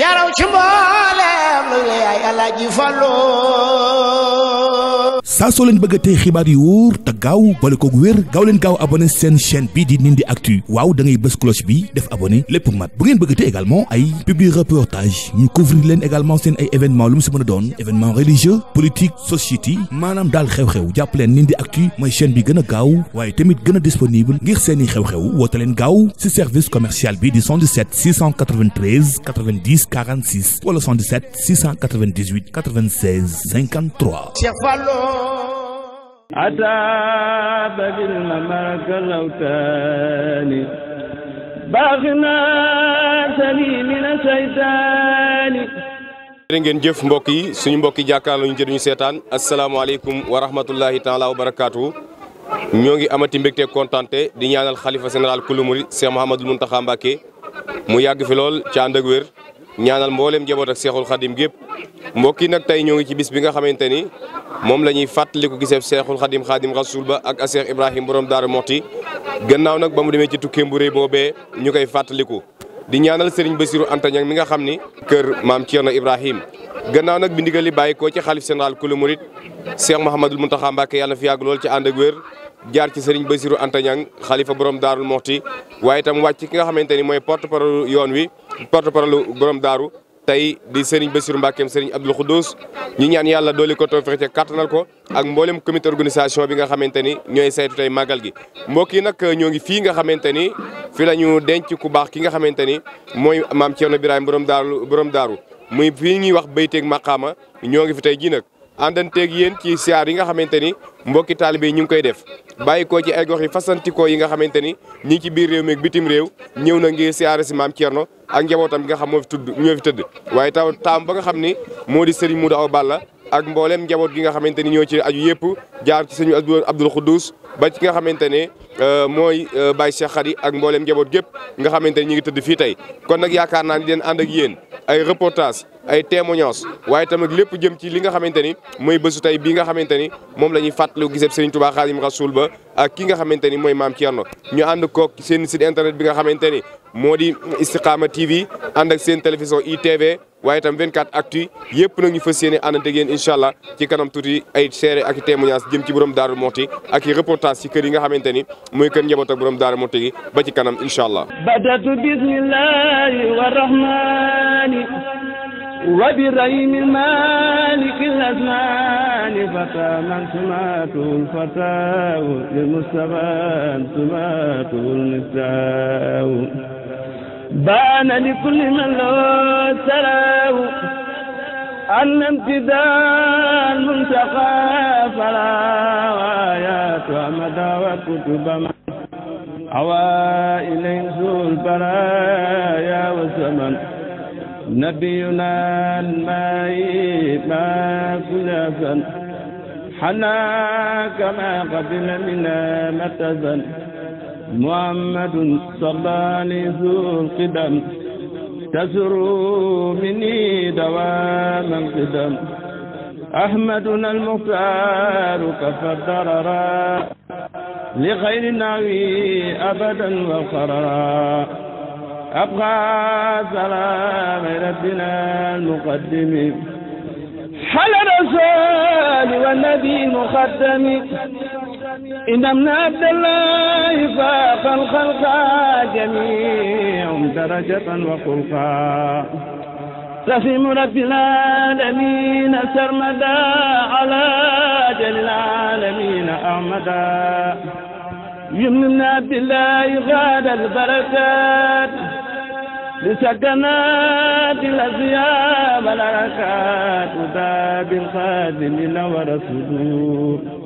yaraw ci mboolem lu yaay Alaaji Fallu saa soo leen bëgg xibaar yu wóor te gaaw bale ko wér gaaw leen gaaw abonné seen chaîne bii di Ndindy Actu waaw da ngay bës cloche bi def abonné lépp mat bu ngeen bëgg également ay publi reportage ñu couvrir leen également seen ay événement lu si mën a doon événement religieux politique société maanaam daal xew-xew jàpp leen Ndindy Actu mooy chaîne bi gën a gaaw waaye tamit gën a disponible ngir seeni xew-xew woote leen gaaw si service commercial bi di 77 693 90 46 wala 77 698 96 53. Cheikh عتاب بالمملكة ngeen jëf mbokk yi suñu mbokki jàkkaarloo ñu jëriñu seetaan asalaamaaleykum wa rahmatullahi taala wa ñoo ngi amati mbégte kontante di ñaanal xalifa général kulu murid Cheikh Mouhamadou Mountakha Mbacké mu yàgg fi lool ci ànd ak wér ñaanal mbooleem njaboot ak seexul xadim gépp mbokk yi nag tey ñoo ngi ci bis bi nga xamante ni moom la ñuy fàttaliku gisee seexul xadim xadim suul ba ak Seex Ibrahima borom Daaru Moxti gannaaw nag ba mu demee ci tukkeem bu boobee ñu koy fàttaliku di ñaanal Serigne Bassirou Anta Niang mi nga xam ni kër maam Thierno Ibrahima gannaaw nag bi ndigal li bàyyi ko ci xalif général kulu murit Cheikh mu Mountakha Mbacké yàlla fi yàgg lool ci ànd ak jaar ci sëriñ Bassirou Anta Niang xalifa borom daarul moxti waaye itam wàcc ki nga xamante ni mooy porte parole yoon wi porte parole borom daaru tey di sëriñ Bassirou Mbackeem sëriñ Abdoul Khoudous ñi ñaan yàlla doole ko too fexe kàttanal ko ak mboolem comité organisation bi nga xamante ni ñooy saytu tey màggal gi mbokk yi nag ñoo ngi fii nga xamante ni fi la ñu denc ku baax ki nga xamante ni mooy maam Thierno Birahim borom borom daaru muy fii ñuy wax bayteeg maqaama ñoo fi tey jii nag àndanteeg yéen ci siyaar yi nga xamante ni mbokki taalibe yi ñu ngi koy def bàyyi ko ci ay yi fasantikoo yi nga xamante ni ñi ci biir réew mi ak bitim réew ñëw na ngir siyaare si maam Thierno a njabootam bi nga xam moo fi tudd ñoo fi tëdd waaye taam ba nga xam ni moo di Serigne Modou Awa Balla ak mboolem njaboot gi nga xamante ni ñoo ci aju yëpp jaar ci sëñ Abdoul Khoudous ba ci nga xamante ne euh, mooy euh, Baye Cheikh Khady ak mboolem njaboot gépp nga xamante ni ñu ngi tëdd fii tey. kon nag yaakaar naa ni leen yéen ay reportage ay témoignages waaye tamit lépp jëm ci li nga xamante ni mooy bésu tey bii nga xamante ni moom la ñuy fàttali giseb Serigne Touba Khadim Rasoul ba ak ki nga xamante ni mooy maam Thierno ñu ànd kook seen site internet bi nga xamante ni moo di Istikhama TV ànd ak seen télévision ITV. waaye itam 24 ak yëpp nag ñu fas yéene ànd ak yéen incha allah ci kanam tuuti ay seere ak i témoignage ci borom Daaru Moxti ak i ci kër yi nga xamante ni muy kër njaboot ak borom Daaru Moxti gi ba ci kanam incha allah badatu bismillahi warrahmani wa bi raymi maliki lasmani fata man sumatul fatawu lil mustafa sumatul mistaawu بان لكل من لو تراه أن امتداد المنتقى فلا وآيات ومدى وكتب من أوى إليه ذو البرايا والزمن نبينا الماء ما كلفا حنا كما قبل منا متزا محمد صلى لذو القدم تسر مني دوام القدم أحمدنا المختار كفدررا لغير ناوي أبدا وقررا أبقى سلام ربنا المقدم حل رسول والنبي مقدم إن ابن عبد الله فاق الخلق جميعهم درجة وخلقا رحم رب العالمين سرمدا على جل العالمين أعمدا يمن عبد الله غاد البركات لسكنات الأزياب الأركات ذا بالخادم نور الصدور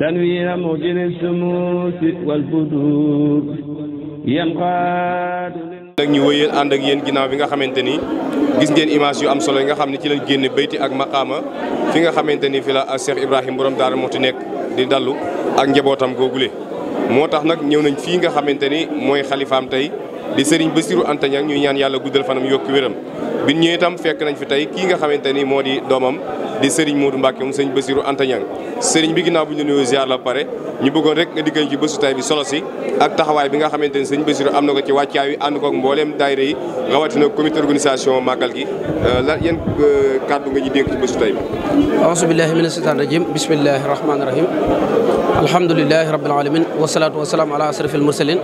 تنوير موجل الشموس والبدور ينقاد nag ñu wëyal ànd ak yéen ginnaaw nga xamante ni gis ngeen image yu am solo yi nga xam ne ci lañ génne bayti ak maqaama fi nga xamante ni fi la Cheikh Ibrahim borom daara moo ti nekk di dallu ak njabootam googule moo tax nag ñëw nañ fii nga xamante ni mooy xalifaam tey di Serigne Bassirou Anta Niang ñuy ñaan yàlla guddal fanam yokku wéram bi ñëwee itam fekk nañ fi tey kii nga xamante ni moo di doomam di Serigne Modou Mbacke moom sëñ Basirou Anta Niang Serigne bi ginnaaw bu ñu nuyoo ziar la pare ñu bëggoon rek nga diggañ ci bésu bi solo si ak taxawaay bi nga xamante ne sëñ Basirou am na ko ci wàccaay wi ànd koog mbooleem daayira yi rawatina comité organisation màggal gi euh, la yan euh, kàddu nga ñu dénk ci bésu tay bi aousu billahi mina shaytaan rajim bismillahi rahmaani rahim alhamdulilahi rabbil alamin wasalaatu wasalaam ala asrafil mursalin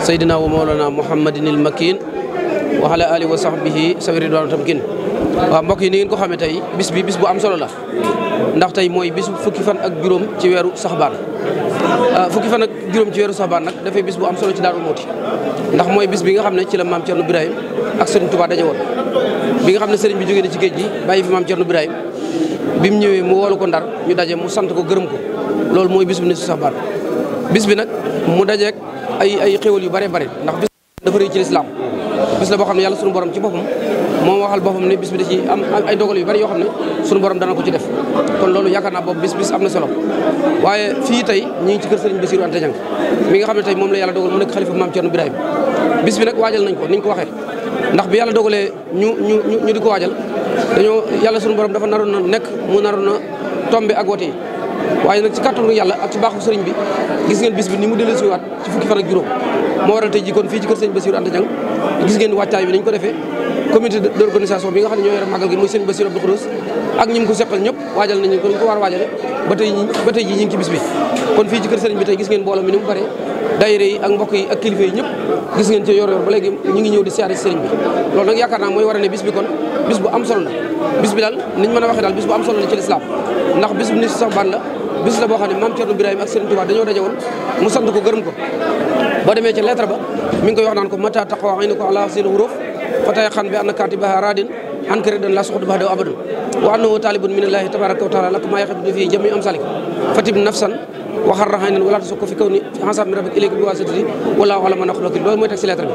saydina wa mawlana muhammadin al makin wa ala alihi wa sahbihi sawi ridwan tamkin waaw mbokk yi ni ngeen ko xamee tey bis bi bis bu am solo la ndax tey mooy bis fukki fan ak juróom ci weeru saxbaan ah, fukki fan ak juróom ci weeru saxbaan nag dafay bis bu am solo ci Daaru Muxti ndax mooy bis bi nga xam ne ci la maam Thierno Birahim ak Serigne Touba daje woon bi nga xam ne Serigne bi jógee na ci géej gi bàyyi fi maam Thierno Birahim bi mu ñëwee mu woolu ko ndar ñu daje mu sant ko gërëm loolu mooy bis bu si saxbaan bis bi nag mu dajeek ay ay xéwal yu bare bare ndax bis dafa rëy ci lislaam bis la boo xam ne yàlla sunu borom ci boppam moom waxal boppam ne bis bi da ci am ay dogal yu bari yoo xam ne suñu borom dana ko ci def kon loolu yaakaar naa boobu bis bis am na solo waaye fii tey ñi ngi ci kër Serigne Bassirou Anta Niang mi nga xam ne moom la yàlla dogal mu nekk xalifa maam Thierno Birahim waajal nañ ko niñ ko waxee ndax bi yàlla dogalee ñu ñu ñu di ko waajal dañoo yàlla suñu borom dafa naroon na nekk mu naroon na tombe ak wote yi waaye nag ci kàttanu yàlla ak ci baaxu sëriñ bi gis ngeen bis bi ni mu dellu waat ci fukki fan ak juróom moo waral tey ji kon fii ci kër Serigne Bassirou Anta Niang gis ngeen wàccaay bi nañ ko defee comité d'organisation bi nga xam ne ñoo yore màggal gi muy sëñ Bassirou Abdou Khoudoss ak ñi ko seqal ñëpp waajal nañu ko war a waajale ba tey ba tey bis bi kon fii ci sëriñ bi tey gis ngeen mbooloo mi ni mu bare daayira yi ak mbokk yi ak kilifa yi gis ngeen ci yor yor ba léegi ñu ngi ñëw di siyaare sëriñ bi loolu nag yaakaar naa mooy war ne bis bi kon bis bu am solo la bis bi daal niñ mën a waxee daal bis bu am solo la ci lislaam ndax fatay xan bi anna katibaha radin an karidan la suxut baxdaw abadan wa annahu talibun min allahi tabaraka wa taala lakuma yaxidu fi jami am salik fatib nafsan waxar raxanin wala tasuk ko fi kaw ni fi mi rabik ilayka bi wasitati si lettre bi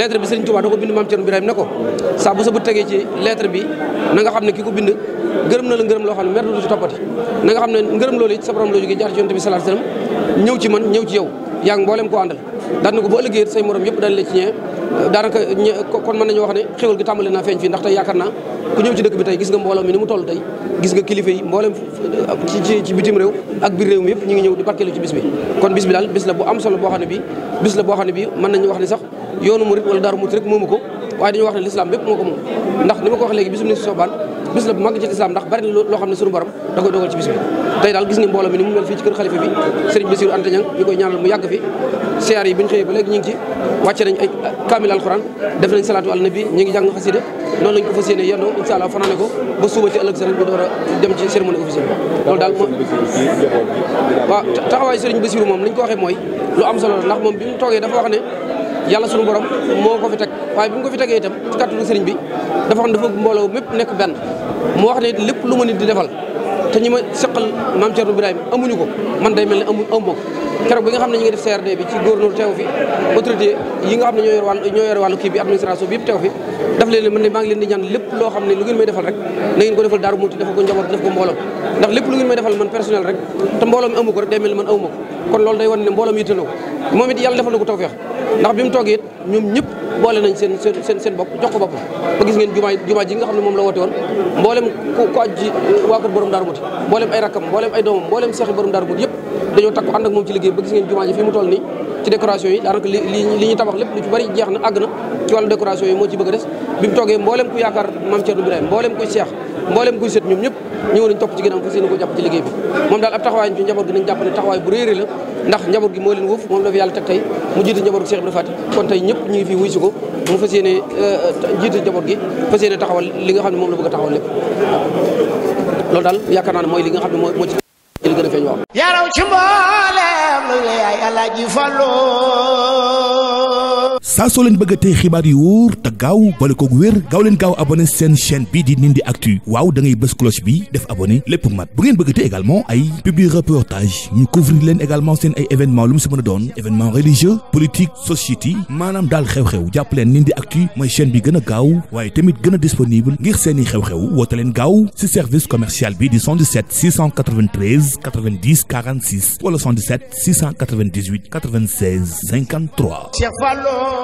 lettre bi Serigne Touba da ko bind maam Thierno Birahim ne ko saa bu sa bu tegee bi na xam ne ki ko bind gërëm na la ngërëm loo xam ne mer du toppati na nga xam ne ngërëm loolu it sa daanaka kon mën nañu wax ne xéwal gi tàmbali naa feeñ fii ndax tey yaakaar naa ku ñëw ci dëkk bi tey gis nga mbooloo mi ni mu toll tey gis nga kilifa yi mboolem ci ci ñu ngi ñëw di barkeelu ci bis bi kon boo xam ne bii bis la boo xam ne bii mën nañu wax ne sax yoonu murit wala daaru lislaam ndax ni ni loo xam ne sunu borom da koy dogal ci bis bi tey daal gis nga mbooloo mi ni mu mel fii ci kër xalifa bi sëriñ Bassirou Anta ñu koy ñaanal mu yàgg fi siyaar yi bi ñu xëyee ba léegi ñu ngi ci wàcce nañ ay kaamil alxuraan def nañ salaatu ala nabi ñu ngi jàng xasida noonu lañ ko fas yéene yendoo incha allah fanaane ko ba suba ci ëllëg sëriñ bi door a dem ci cérémonie officielle bi loolu daal waaw taxawaay sëriñ Basiru moom li ñu ko waxee mooy lu am solo ndax moom bi mu toogee dafa wax ne yàlla sunu borom moo ko fi teg waaye bi mu ko fi tegee itam ci kàttanu sëriñ bi dafa wax ne dafa mbooloo mépp nekk benn mu wax ne lépp lu ma nit di defal te ñi ma seqal maam Thierno Birahim amuñu ko man day mel ne amu amu keroog bi nga xam ne ñu ngi def CRD bi ci gouverneur teew fi autorité yi nga xam ne ñoo yor wàllu kii bi administration bi yëpp teew fi daf leen mën ne maa ngi leen di ñaan lépp loo xam ne lu ngeen may defal rek na ngeen ko defal daaru muuti loolu day wan ne mbooloo mi yitte na ko moom it yàlla defal na ko tawfeex ndax bi mu toog it ñoom ñëpp boole nañ seen seen seen seen bopp jox ko boppam ba gis ngeen jumaa jumaa ji nga xam ne moom la woote woon mboolem ku aj ji waa kër borom Daaru Muti mboolem ay rakkam mboolem ay doomam mboolem seexi borom Daaru Muti yëpp dañoo takku ànd moom ci liggéey ba gis ngeen jumaa ji fi mu toll nii ci décoration yi daanaka li li ñu tabax lépp bari jeex na àgg na ci wàllu décoration yi moo ci bëgg a des bi mu toogee mboolem ku yaakaar maam Thierno Birahim mboolem kuy seex kuy set ñoom ñëpp ñëw nañ topp ci ginnaaw fas yéene ko jàpp ci liggéey bi moom daal ab taxawaay ci njaboot gi nañ jàpp ne taxawaay bu réere la ndax njaboot gi moo leen wuuf moom la fi yàlla teg tey mu jiite njaboot gi Cheikh Ibra Fati kon tey ñëpp ñu ngi fi wuy si ko mu fas yéene euh, jiite njaboot gi fas yéene taxawal li nga xam ne moom la bëgg a taxawal lépp loolu daal yaakaar naa ne mooy li nga xam ne moo moo ci li gën a feeñ waaw yaraw ci mbooleem lu yaay Alaaji Fallu saa soo leen bëgg xibaar yu wóor te gaaw boole koog wér gaaw leen gaaw abonné seen chaîne bii di Ndindy Actu waaw da ngay bës cloche bi def abonné lépp mat bu ngeen bëgg a tey également ay publi reportage ñu couvrir leen également seen ay événement lu mu si mën a doon événement religieux politique société maanaam daal xew-xew jàpp leen Ndindy Actu mooy chaîne bi gën a gaaw waaye tamit gën a disponible ngir seeni i xew-xew woote leen gaaw si service commercial bi di 77 693 90 46 wala 77 698 96 53. Cheikh Fallo.